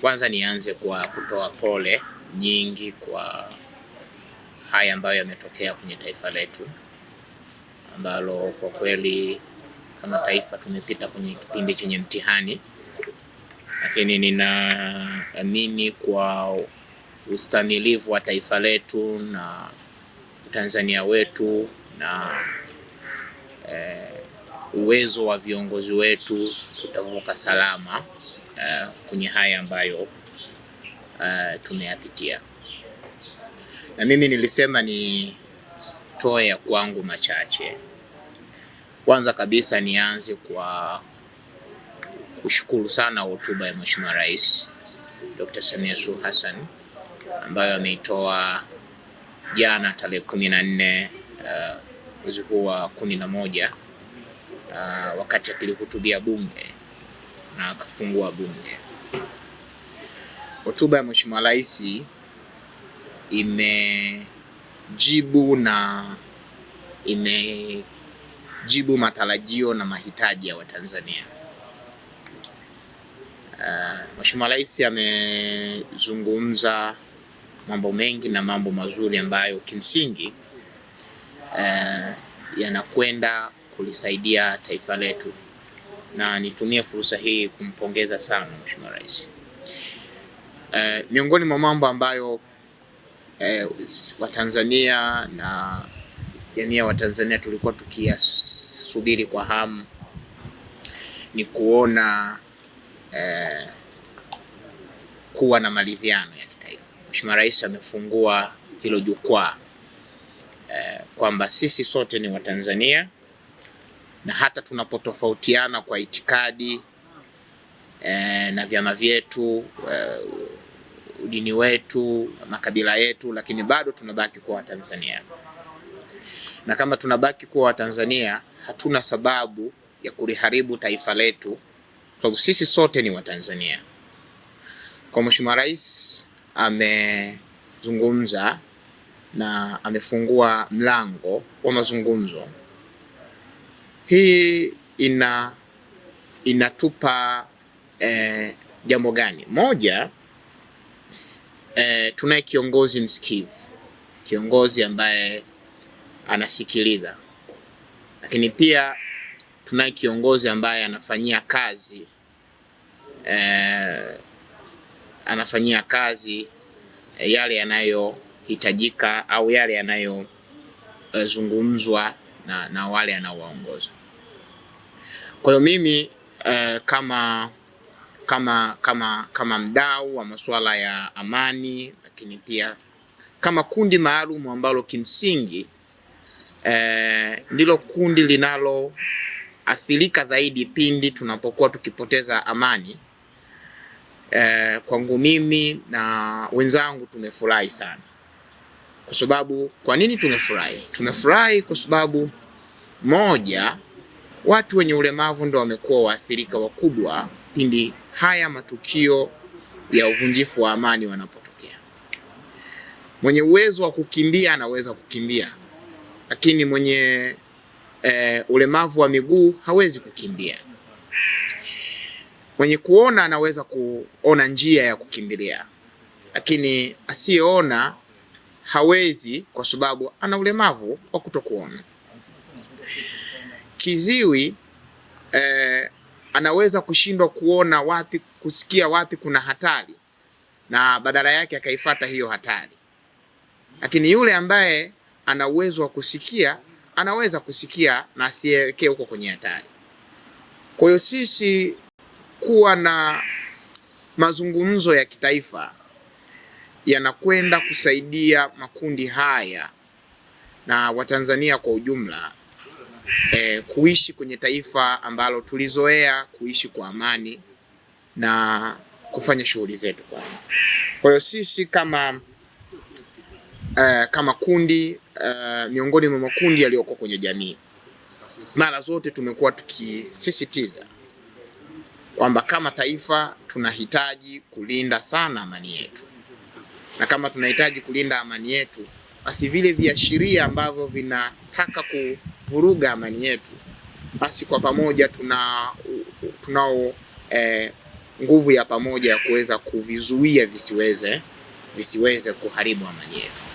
Kwanza nianze kwa kutoa pole nyingi kwa haya ambayo yametokea kwenye taifa letu ambalo kwa kweli kama taifa tumepita kwenye kipindi chenye mtihani, lakini ninaamini kwa ustamilivu wa taifa letu na tanzania wetu na eh, uwezo wa viongozi wetu tutavuka salama uh, kwenye haya ambayo uh, tumeyapitia, na mimi nilisema nitoe ya kwangu machache. Kwanza kabisa nianze kwa kushukuru sana hotuba ya Mheshimiwa Rais Dr. Samia Suluhu Hassan ambayo ameitoa jana tarehe kumi na nne uh, mwezi huu wa kumi na moja Ah, wakati akilihutubia bunge na akafungua bunge. Hotuba ya Mheshimiwa Rais imejibu na imejibu matarajio na mahitaji ya Watanzania. Uh, Mheshimiwa Rais amezungumza mambo mengi na mambo mazuri ambayo kimsingi uh, yanakwenda kulisaidia taifa letu, na nitumie fursa hii kumpongeza sana Mheshimiwa Rais. Eh, miongoni mwa mambo ambayo e, Watanzania na jamii ya Watanzania tulikuwa tukiyasubiri kwa hamu ni kuona eh, kuwa na maridhiano ya kitaifa. Mheshimiwa Rais amefungua hilo jukwaa eh, kwamba sisi sote ni Watanzania na hata tunapotofautiana kwa itikadi e, na vyama vyetu e, udini wetu, makabila yetu, lakini bado tunabaki kuwa Watanzania, na kama tunabaki kuwa Watanzania hatuna sababu ya kuliharibu taifa letu, kwa sababu sisi sote ni Watanzania. Kwa Mheshimiwa Rais amezungumza na amefungua mlango wa mazungumzo hii ina inatupa eh, jambo gani? Moja, eh, tunaye kiongozi msikivu, kiongozi ambaye anasikiliza, lakini pia tunaye kiongozi ambaye anafanyia kazi eh, anafanyia kazi eh, yale yanayohitajika au yale yanayozungumzwa eh, na, na wale anaowaongoza. Kwa hiyo mimi eh, kama kama kama kama mdau wa masuala ya amani, lakini pia kama kundi maalum ambalo kimsingi eh, ndilo kundi linaloathirika zaidi pindi tunapokuwa tukipoteza amani. Eh, kwangu mimi na wenzangu tumefurahi sana. Kwa sababu kwa nini tunafurahi? Tunafurahi kwa sababu moja, watu wenye ulemavu ndo wamekuwa waathirika wakubwa pindi haya matukio ya uvunjifu wa amani wanapotokea. Mwenye uwezo wa kukimbia anaweza kukimbia, lakini mwenye e, ulemavu wa miguu hawezi kukimbia. Mwenye kuona anaweza kuona njia ya kukimbilia, lakini asiyeona hawezi kwa sababu ana ulemavu wa kutokuona. Kiziwi eh, anaweza kushindwa kuona wapi, kusikia wapi kuna hatari, na badala yake akaifata hiyo hatari. Lakini yule ambaye ana uwezo wa kusikia anaweza kusikia na asielekee huko kwenye hatari. Kwa hiyo sisi kuwa na mazungumzo ya kitaifa yanakwenda kusaidia makundi haya na Watanzania kwa ujumla e, kuishi kwenye taifa ambalo tulizoea kuishi kwa amani na kufanya shughuli zetu kwa amani. Kwa hiyo sisi kama e, kama kundi e, miongoni mwa makundi yaliyoko kwenye jamii, mara zote tumekuwa tukisisitiza kwamba kama taifa tunahitaji kulinda sana amani yetu na kama tunahitaji kulinda amani yetu, basi vile viashiria ambavyo vinataka kuvuruga amani yetu, basi kwa pamoja tuna tunao eh, nguvu ya pamoja ya kuweza kuvizuia visiweze visiweze kuharibu amani yetu.